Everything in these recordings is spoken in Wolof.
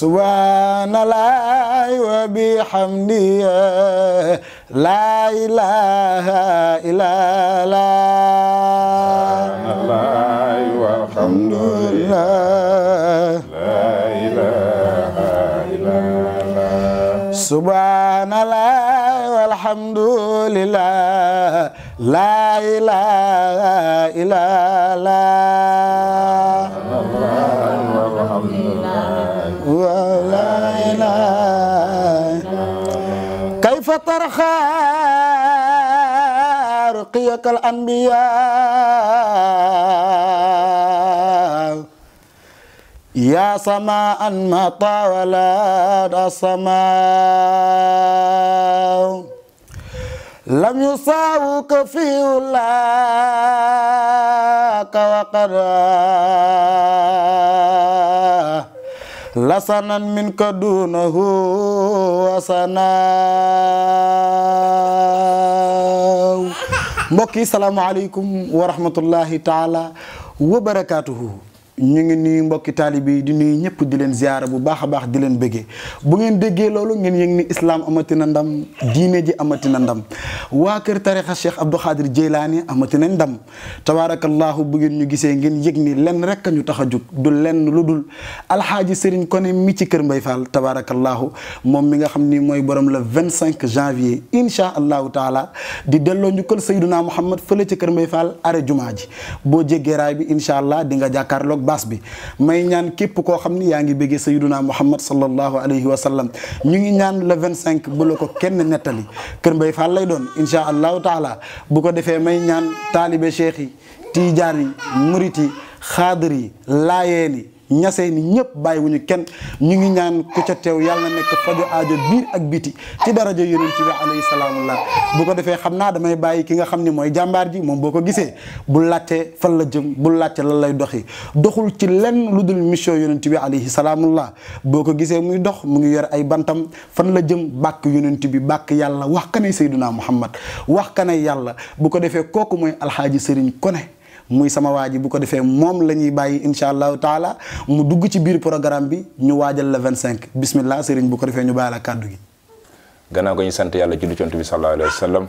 سبحان الله وبحمده لا إله إلا الله سبحان الله والحمد لله لا إله إلا الله سبحان الله والحمد لله لا إله إلا الله الطرخاء رقية الأنبياء يا سماء ما طاولت السماء لم يساوك في ولاك وقدر لسنا منك دونه وسنا mbokk yi salaamaaleykum wa rahmatullahi taala wa barakaatuhu ñu ngi nuyu mbokki taalibe yi di nuyu ñëpp di leen ziyaara bu baax a baax di leen bëggee bu ngeen déggee loolu ngeen yëg ni islaam amatina ndam diine ji amatina ndam waa kër tarixa cheikh abdou xaadir jeylaani amatina ndam tabaarakallaahu bu ngeen ñu gisee ngeen yëg ni lenn rek ñu tax a jug du lenn lu dul alxaaji sëriñ Koné mi ci kër mbay fall tabaarakallaahu moom mi nga xam ni mooy borom le 25 janvier inchaa allahu taala di delloo njukkal sayduna muhammad fële ci kër mbay fall are jumaa ji boo jéggee raay bi incha allah di nga jàkkaarloog baas bi may ñaan képp koo xam ni yaa ngi bëggee sayyiduna muhammad sallallahu alayhi wa sallam ñu ngi ñaan la 25 bu la ko kenn nettali Kër Mbaye Fall lay doon incha allahu taala bu ko defee may ñaan taalibe cheikh yi tiijaan yi murit yi yi laayeen ñase ni ñëpp bàyyiwuñu kenn ñu ngi ñaan ku ca teew yàlla na nekk fajo aajo biir ak biti ci daraja yonent bi alayhi salaamullah bu ko defee naa damay bàyyi ki nga xam ni mooy jàmbaar ji moom boo ko gisee bu laajtee fan la jëm bu laajte lan lay doxi doxul ci lenn lu dul mission yonent bi alayhi salaamullah boo ko gisee muy dox mu ngi yor ay bantam fan la jëm bàkk yonent bi bàkk yàlla wax ka ne Seydina Muhammad wax ka yàlla bu ko defee kooku mooy alxaaji Sëriñ kone muy sama waji bu ko defé mom lañuy bàyyi inshallah taala mu dugg ci biir programme bi ñu waajal le 25 bismillah sëriñ bu ko defé ñu bàyyi kàddu gi. ganna ko ñu sant yàlla ci cont bi sallallahu alayhi wasallam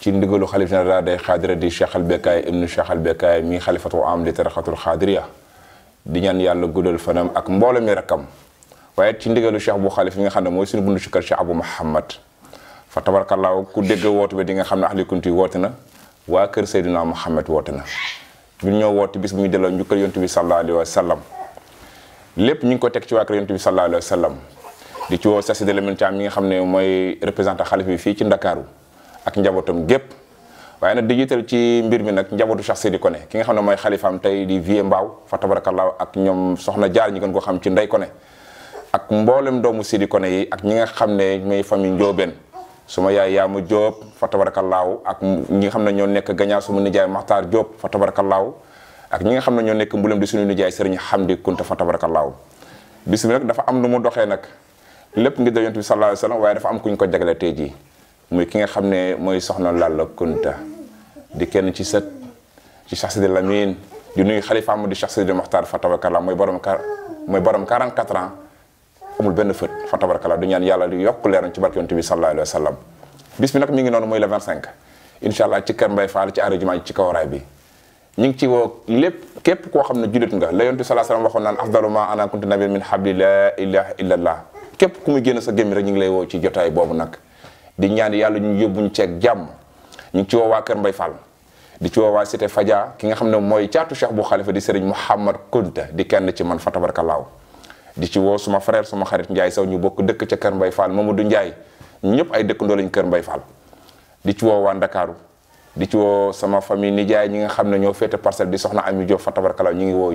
ci ndigalu khalifa général day di Cheikh al Bekkaay ibnu Cheikh al Bekkaay mi khalifatu am li tarixatul xaadiriya di ñaan yàlla guddal fanam ak mbolam mi rakam waye ci ndigalu Cheikh bu xalif nga xamne moy suñu bundu ci Cheikh Abou mohammed fa tabarkallaahu ku dégg wootu bi di nga xamne ahli kunti woote na waa kër Seydina Muhammad woote na ñun ñoo woote bis bu ñu delloo njukkal yontu bi sallallahu alayhi sallam lépp ñu ngi ko teg ci waa kër yontu bi sallallahu alayhi sallam di ci woo Sassi Dlamine Thiam mi nga xam ne mooy représentant xalif bi fii ci Ndakaaru ak njabootam gépp waaye nag di jiital ci mbir mi nag njabootu Cheikh Sidi Koné ki nga xam ne mooy xalifaam tey di vie mbaaw fa tabarakallah ak ñoom soxna jaar ñu gën ko xam ci Ndey Koné ak mboolem doomu Sidi Koné yi ak ñi nga xam ne mooy famille Njóobeen suma yaay Yaamu Diop fa laaw ak ñi nga xam ne ñoo nekk gañaa suma nijaay Maxtaar Diop fa laaw ak ñi nga xam ne ñoo nekk mbulem di suñu nijaay xam Xamdi Kunta fa tabarakallaahu bis bi nag dafa am nu mu doxee nag lépp ngir da yonent bi sallallaahu alayhi dafa am kuñ ko jagle jii muy ki nga xam ne mooy soxna laal Lalla Kunta di kenn ci sët ci Cheikh Sidi Lamine di nuyu xalifaam di Cheikh Sidi Maxtaar fa tabarakallaahu mooy borom mooy borom 44 ans amul benn fët fa tabarakala du ñaan yàlla di yokk leeram ci barke yonent bi sallallahu alayhi wa sallam bis bi nag mi ngi noonu muy le 25 incha allah ci kër Mbay Fall ci arrondissement ci ngi ci woo lépp képp koo xam ne jullit nga la yonent bi sallallahu alayhi wa sallam waxoon naan afdalu ma ana kuntu nabi min sa gémmi rek ñu ngi lay woo ci jotaay boobu nag di ñaan yàlla ñu ñu ceeg jàmm ñu ngi ci woo waa kër Mbay Fall di ci woo waa Cité ki nga xam ne mooy caatu cheikh bu xalifa di Serigne Mouhamad Kunta di kenn ci man fa laaw di ci woo suma frère suma xarit njaay Sow ñu bokk dëkk ca Kër Mbay Fall Mamadou Ndiaye ñëpp ay dëkkandoo lañ Kër Mbay Fall di ci woo waa Ndakaaru di ci woo sama famille nijaay ñi nga xam ne ñoo féete parcelle di soxna Ami Diop fa tabarkala ñu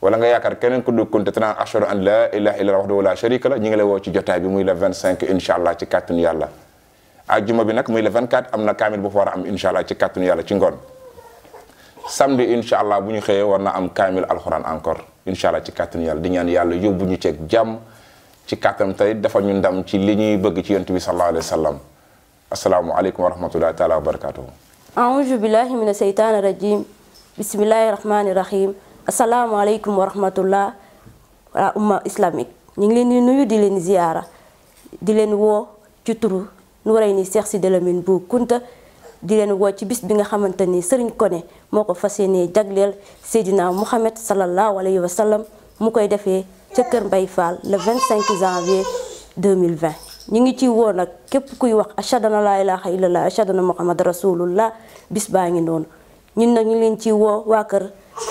ngi nga yaakaar keneen ku du Kunta te naan ashhadu an la ilaha illa wahdahu ñu ngi woo ci jotaay bi muy le 25 incha allah ci kàttanu yàlla ajjuma bi nag muy le 24 am na kaamil bu fa war a am incha allah ci kàttanu yàlla ci ngoon samedi inshallah buñu xeye warna am kamil alxuraan encore inshallah ci kàttan yàlla di ñaan yàlla yóbbu ci ceeg jàmm ci kàttan tay dafa ñu ndam ci liñuy bëgg ci yonent bi sallallahu alayhi wasallam assalamu alaykum wa rahmatullahi taala wa barakatuh a'udhu billahi minash seytaani rajim bismillahir rahmanir rahim assalamu alaykum wa rahmatullahi wa umma islamique ñi ngi leen nuyu di leen ziyara di leen wo ci turu nu Nouréyni Cheikh sidelamine Bou kunta di leen woo ci bis bi nga xamante ni Serigne Koné moo ko fas yéenee jagleel Seydina Mouhamed sallallahu alayhi wa sallam mu koy defee ca Kër Mbaye Fall le 25 janvier 2020 ñu ngi ci woo nag képp kuy wax achadana la ilaha illallah achadana Muhammad rasulullah bis baa ngi noonu ñun nag ñu leen ci woo waa kër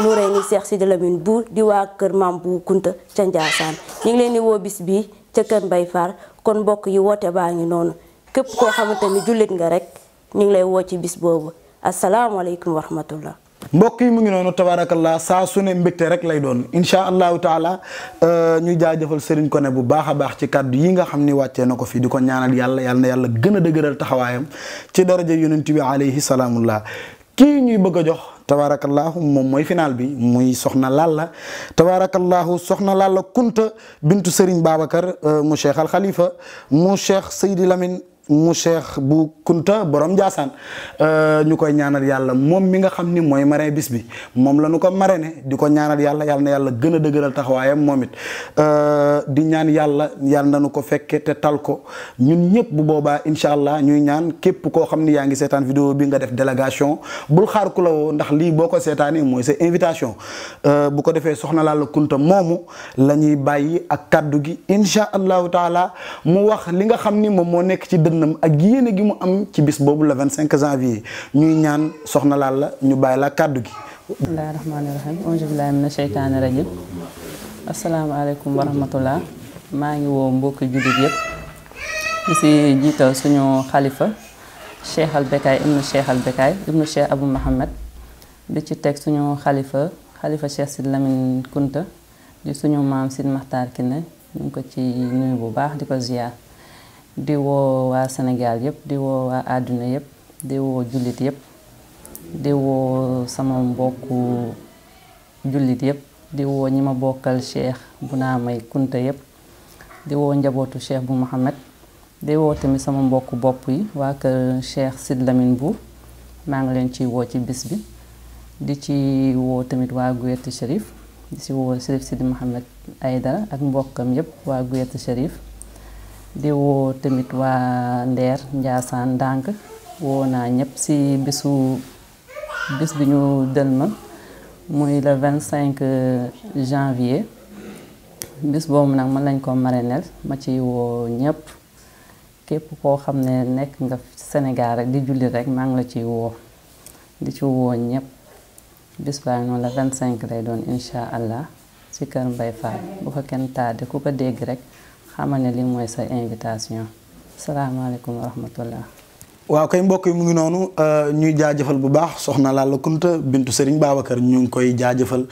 Noureyni Cheikh Sidi Lamine bu di waa kër Maam bu Kunta ca Ndiassane ñu ngi leen di woo bis bi ca Kër Mbaye Fall kon mbokk yi woote baa ngi noonu képp koo xamante ni jullit nga rek ñi ngi lay wo ci bis boobu alaykum wa rahmatullah mbokk yi mu ngi nonu tabarakallah sa suné ne rek lay doon insha allah taala euh ñu jaajëfal Serigne Koné bu baaxa baax ci kàddu yi nga xamni wacce nako fi diko ñaanal yàlla yàlla yàlla gëna dëgeural taxawayam ci daraja yonent bi alayhi salaamullah ki ñuy bëgg a jox tabarakallahu moom موي فينال بي موي سخنا لالا تبارك الله سخنا لالا bintu بنت سيرين بابكر مو شيخ الخليفه مو شيخ سيدي لامين mu cheikh bu kunta borom njaasaan euh, ñu koy ñaanal yàlla moom mi nga xam ni mooy marin bis bi moom la ñu ko marraine di ko ñaanal yàlla yàlla na yàlla gën a dëgëral taxawaayam moom it euh, di ñaan yàlla yàlla nañu ko fekke te tal ko ñun ñëpp bu boobaa incha allah ñuy ñaan képp koo xam ni yaa ngi seetaan vidéo bi nga def délégation bul xaar ku woo ndax lii boo ko seetaanee mooy sa invitation euh, bu ko defee soxna Lalla Kunta moomu la bàyyi ak kaddu gi incha allahu bënnam ak yéene gi mu am ci bis boobu la le 25 janvier ñuy ñaan soxna laal la ñu bàyyi la kàddu gi. bismillaahi rahmaani rahiim auzu billaahi mina maa ngi woo mbokki jullit yëpp di si jiital suñu xalifa Cheikh al Bekaay ibnu Cheikh al Bekaay ibnu Cheikh Abu Mohamed di ci teg suñu xalifa xalifa Cheikh Sid Lamine Kunta di suñu maam Sid Maxtaar Kine ñu ko ci nuyu bu baax di ko ziyaar di wo wa senegal yep di wo wa aduna yep di wo julit yep di wo sama mbokku julit yep di wo ñi bokal Cheikh bu na may kunta yep di wo njabotu Cheikh bu mohammed di wo tamit sama mbokku bop yi wa ke Cheikh Sid Lamine bou ma ngi len ci wo ci bis bi di ci wo tamit wa Guyette Chérif di ci wo Chérif sid mohammed Aïdara ak mbokam yep wa Guyette Chérif di woo tamit waa Ndeer Njaasaan ndànk woo naa ñëpp si bisu bis bi ñu dëlmal muy le vingt cinq euh, janvier bis boobu nag man lañ ko marinel ma ci woo ñëpp képp koo xam ne nekk nga Sénégal rek di julli rek maa ngi la ciy woo di ci woo ñëpp bis baa noonu la vingt cinq lay doon incha allah si kër Mbay Fall bu ko kenn tàdde ku ko dégg rek xamal ne li mooy sa invitation salaamaaleykum wa rahmatullah waaw kay mbokk yi mu ngi noonu euh, ñuy jaajëfal bu baax soxna Lalla Kunta bintu Serigne kër ñu ngi koy jaajëfal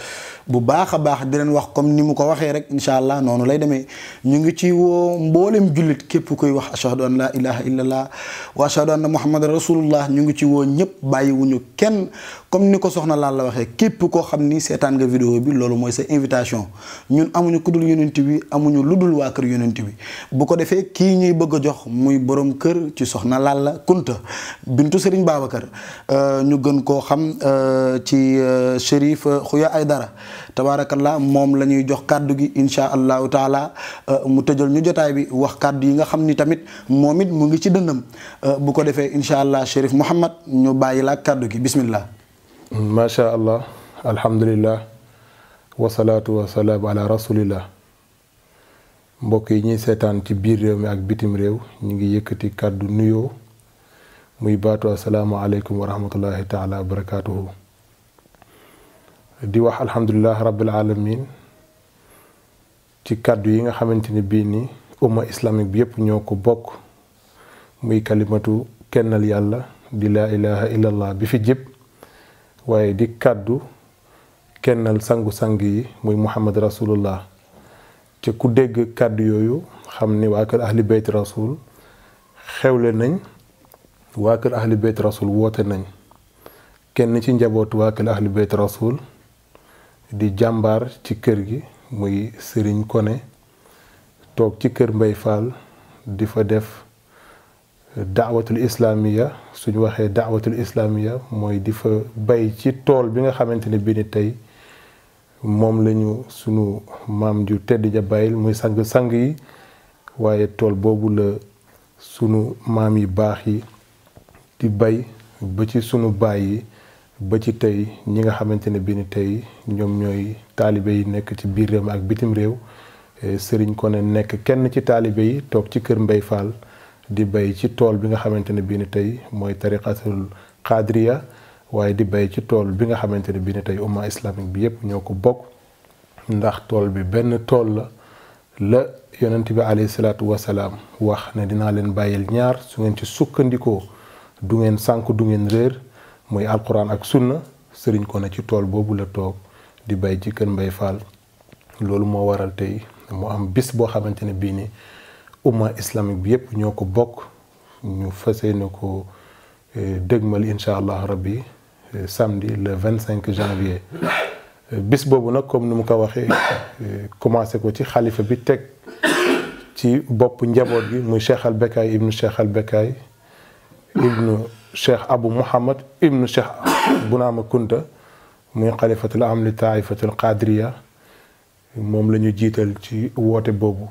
bu baax a baax di leen wax comme ni mu ko waxee rek incha allah noonu lay demee ñu ngi ci woo mboolem jullit képp kuy wax ashhadu an la ilaha illallah wa ashhadu anna muhammadan rasulullah ñu ngi ci woo ñëpp bàyyiwuñu kenn comme ni ko soxna Lalla waxee képp koo xam ni seetaan nga vidéo bi loolu mooy sa invitation ñun amuñu ku dul yonent bi amuñu lu dul waa kër yonent bi bu ko defee kii ñuy bëgg a jox muy borom kër ci soxna Lalla Kunta Fouta bintu Serigne Babacar euh, ñu gën koo xam euh, ci euh, Chérif Khouya Aydara tabaarakallah moom la ñuy jox kàddu gi incha allahu taala mu tëjal ñu jotaay bi wax kàddu yi nga xam ni tamit moom it mu ngi ci dëndam bu ko defee incha allah Chérif Mouhamad ñu bàyyi laa kàddu gi bismillah. macha allah alhamdulillah wasalaatu wasalaam ala rasulillah. mbokk yi ñuy seetaan ci biir réew mi ak bitim réew ñu ngi yëkkati kàddu nuyoo muy baatu asalaamaaleykum wa rahmatullahi taala wa barakaatuhu di wax alhamdulilah rabbil alamin ci kàddu yi nga xamante ne bii nii umma islamique bi yépp ñoo ko bokk muy kalimatu kennal yàlla di la ilaha illallah bi fi jib waaye di kàddu kennal sangu-sang yi muy muhammad rasulullah ci ku dégg kàddu yooyu xam ni waa kër ahli bayt rasul xewle nañ waa kër ahli beyt woote nañ kenn ci njabootu waa kër ahli beyt di jàmbaar ci kër gi muy sëriñ kone toog ci kër Mbay Fall di fa def daawatul islaamiya suñu waxee daawatul islaamiya mooy di fa bay ci tool bi nga xamante ne bii ni tey moom lañu suñu maam yu tedd ja bàyyil muy sang sang yi waaye tool boobu la sunu maam yi baax yi di bay ba ci sunu baay yi ba ci tey ñi nga xamante ne bi ni tey ñoom ñooy taalibe yi nekk ci biir réew mi ak bitim réew eh, sëriñ ko ne nekk kenn ci taalibe yi toog ci kër Mbay Fall di bay ci tool bi nga xamante ne bi ni tey mooy tariqatul xaadriya waaye di bay ci tool bi nga xamante ne bi ni tey umma islamique bi yépp ñoo ko bokk ndax tool bi benn tool la la yonent bi alayhi salaatu wax ne dinaa leen bàyyil ñaar su ngeen ci sukkandikoo du ngeen sànk du ngeen réer muy alquran ak sunna sëriñ ko na ci tool boobu la toog di bay ci kër mbay faal loolu moo waral tey mu am bis boo xamante ne bii ni umma islamique bi yépp ñoo ko bokk ñu fas yéene ko dëgmal incha allah rabbi samedi le 25 janvier bis boobu nag comme ni mu ko waxee commencé ko ci xalifa bi teg ci bopp njaboot gi muy Cheikh Al Bekkay ibnu Cheikh Al Bekkay ابن الشيخ ابو محمد ابن الشيخ بنام كنت من خليفة الأمن تايفة القادرية موم لا نيو جيتال تي ووتي بوبو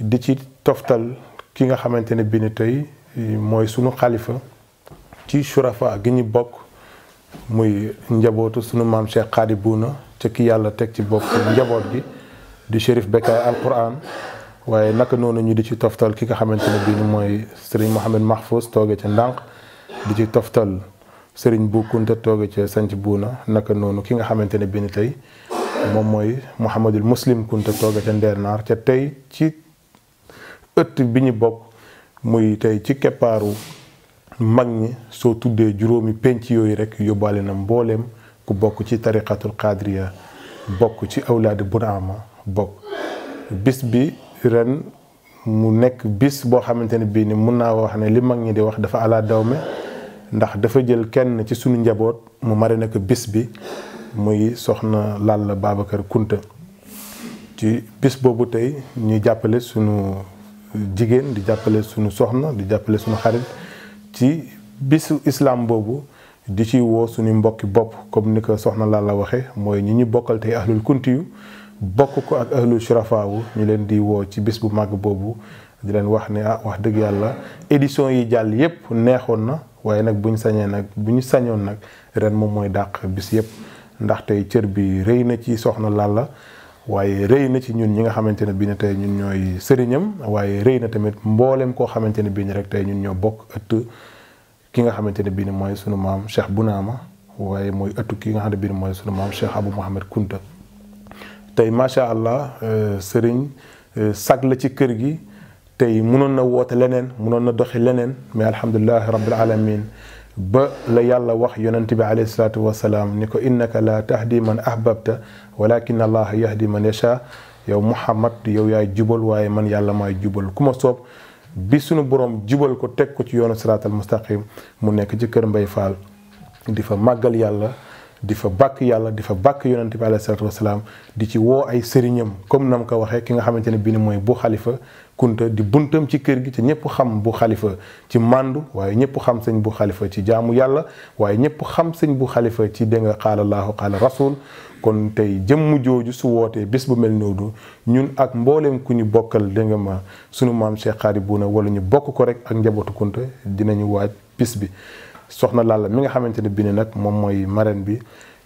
دي تي توفتال كيغا خامتيني بي تاي موي سونو خليفة تي شرفاء غي ني بوك موي نجابوتو سونو مام شيخ قادي بونا تي كي يالا تك تي بوك نجابوت دي دي شريف بكاي القران waaye naka noonu ñu di ci toftal ki nga xamante ne bii mooy Serigne Mohamed Mahfous tooge ca Ndànk di ci toftal sëriñ Bou Kounta tooge ca Sanc Buuna naka noonu ki nga xamante ne bii tey moom mooy Mouhamadul Muslim Kounta tooge ca Ndernaar ca tey ci ëtt bi ñu bokk muy tey ci keppaaru mag ñi soo tuddee juróomi penc yooyu rek yóbbaale na mbooleem ku bokk ci tariqatul qadriya bokk ci awlaadi Bunaama bokk bis bi. ren mu nekk bis boo xamante ne bii ni mun naa wax ne li mag ñi di wax dafa ala dawme ndax dafa jël kenn ci suñu njaboot mu mari nekk bis bi muy soxna Lalla kër Kunta ci bis boobu tey ñuy jàppale suñu jigéen di jàppale suñu soxna di jàppale suñu xarit ci bisu islam boobu di ci woo suñu mbokki bopp comme ni ko soxna Lalla waxee mooy ñu ñu bokkal tey ahlul kunti bokk ko ak ahlu shurafaawu ñu leen di woo ci bis bu màgg boobu di leen wax ne ah wax dëgg yàlla édition yi jàll yépp neexoon na waaye nag bu ñu sañee nag bu ñu sañoon nag ren moom mooy dàq bis yépp ndax tey cër bi rëy na ci soxna Lalla waaye rëy na ci ñun ñi nga xamante ne bi ne tey ñun ñooy sëriñam waaye rëy na tamit mboolem koo xamante ne bii ni rek tey ñun ñoo bokk ëtt ki nga xamante ne bii ni mooy sunu maam Cheikh Bounama waaye mooy ëttu ki nga xam ne bii ni mooy sunu maam Cheikh Abou Mouhamed Kounta tey macha allah sëriñ sag la ci kër gi tey mënoon na woote leneen mënoon na doxi leneen mais alhamdulilah rabbil alamin ba la yàlla wax yonent bi alayhi salaatu wasalaam ni innaka la tahdi man ahbabta walakin allah yahdi man yasha yow muhammad yow yaay jubal waaye man yàlla maay jubal ku ma soob bi sunu borom jubal ko teg ko ci yoonu siraatal mustaqim mu nekk ci kër Mbay Faal di fa yàlla di fa bàkk yàlla di fa bàkk yonente bi alayhi salaatu di ci woo ay sëriñam comme na ma ko waxee ki nga xamante ne bii ni mooy bu xalifa kunta di buntam ci kër gi te ñëpp xam bu xalifa ci màndu waaye ñëpp xam sañ bu xalifa ci jaamu yàlla waaye ñëpp xam sëñ bu xalifa ci dégg nga xaala laahu xaala rasul kon tey jëmm jooju su wootee bés bu mel noonu ñun ak mbooleem ku ñu bokkal dégg ma sunu maam Cheikh Xaari Buuna wala ñu bokk ko rek ak njabootu kunta dinañu waaj bis bi soxna Lalla mi nga xamante ne bi ne nag moom mooy marraine bi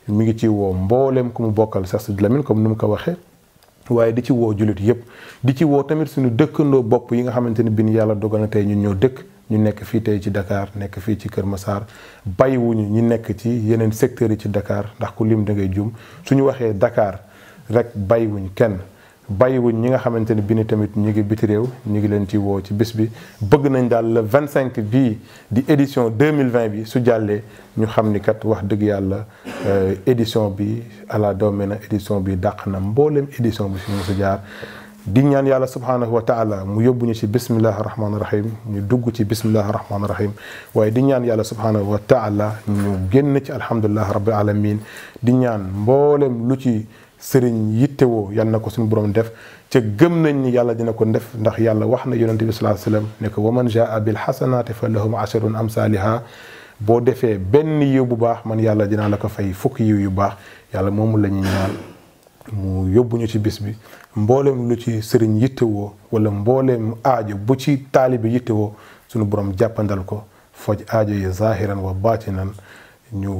mu ngi ci woo mbooleem ku mu bokkal Sas du Lamine comme ni mu ko waxee waaye di ci woo jullit yëpp di ci woo tamit suñu dëkkandoo bopp yi nga xamante ne bi yàlla dogal na tey ñun ñoo dëkk ñu nekk fii tey ci dakaar nekk fii ci Kër Massar bàyyiwuñu ñu nekk ci yeneen secteurs yi ci dakaar ndax ku lim da juum jum suñu waxee Dakar rek bàyyiwuñ kenn bayiwuñ ñi nga xamante ne bi ni tamit ñu ngi biti réew ñu ngi leen ci woo ci bis bi bëgg nañ daal le 25 bii di édition 2020 bi su jàllee ñu xam ni kat wax dëgg yàlla édition bi ala doome na édition bi dàq na mbooleem édition bi fi mu jaar di ñaan yàlla subhanahu wa taala mu yóbbu ñu ci bismillahi rahmaani rahim ñu dugg ci bismillahi rahmaani rahim waaye di ñaan yàlla subhanahu wa taala ñu génn ci alhamdulilah rabbil alamin di ñaan mboolem lu ci sëriñ yittewoo yal na ko suñu borom def ca gëm nañ ni yàlla dina ko def ndax yàlla wax na yonente bi sallallahu alayhi wasallam ne ko wa man jaa bil xasanaati fa lahum asharun amsaaliha boo defee benn yiw bu baax man yàlla dinaa la ko fay fukk yiw yu baax yàlla moomu la ñuy ñaan mu yóbbu ñu ci bis bi mbooleem lu ci sëriñ yittewoo wala mbooleem aajo bu ci taalibi yittewoo suñu borom jàppandal ko foj aajo yi zahiran wa baatinan ñu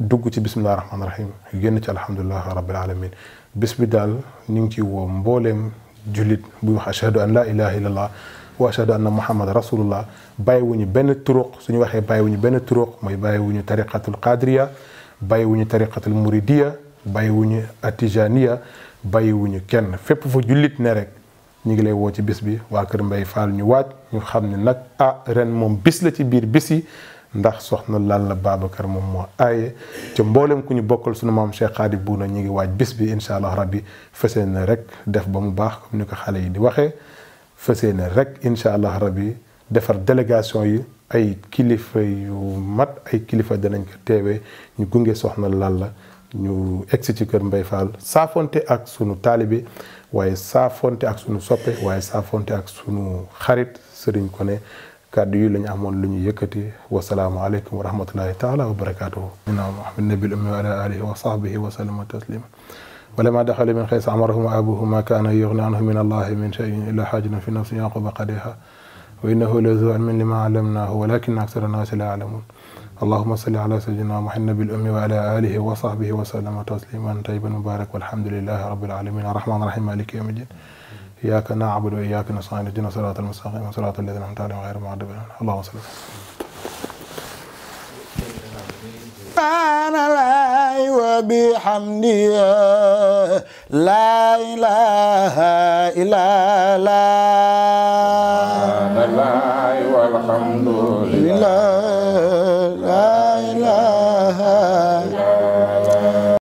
dugg ci bisimilah rahmaani rahim génn ci alhamdulilah rabbil alamin bis bi daal ñu ngi ciy woo mbooleem jullit buy wax ashhadu an la ilaha illallah wa ashhadu anna muhammad rasulullah bàyyiwuñu benn turuq suñu waxee bàyyiwuñu benn turuq mooy bàyyiwuñu tariqatul qadriya bàyyiwuñu tariqatul muridiya bàyyiwuñu atijaniya bàyyiwuñu kenn fépp fa jullit ne rek ñu ngi lay woo ci bis bi waa Kër Mbaye Fall ñu waaj ñu xam ne nag ah ren moom bis la ci biir bis yi ndax soxna Lalla Babacar moom moo aaye ca mboolem ku ñu bokkal sunu maam Cheikh Khady Bouna ñu ngi waaj bis bi incha allah rabbi fësee ne rek def ba mu baax comme ni ko xale yi di waxee fësee ne rek incha allah rabbi defar délégation yi ay kilifa yu mat ay kilifa danañ ko teewee ñu gunge soxna la ñu egsi ci kër Mbay Fall saafonte ak sunu taalibe waaye saafonte ak suñu soppe waaye saafonte ak suñu xarit sëriñ ko kàddu yi la ñu amoon lu ñu yëkkati wasalaamaaleykum wa rahmatullahi taala wa barakaatuhu inaa ahmad nabil ummi wa ala alihi wa sahbihi wa ولما دخل من خيس عمرهما أبوه ما كان يغني عنه من الله من شيء إلا حاجة في نفس يعقوب قدها وإنه لذو علم لما علمناه ولكن أكثر الناس لا يعلمون اللهم صل على سيدنا محمد بالأم وعلى آله وصحبه وسلم تسليما طيبا مبارك والحمد لله رب العالمين الرحمن الرحيم مالك يوم الدين إياك نعبد وإياك نستعين اهدنا صراط المستقيم صراط الذين أنعمت عليهم غير المغضوب عليهم الله صل سبحان الله وبحمده لا إله إلا الله سبحان الله والحمد لله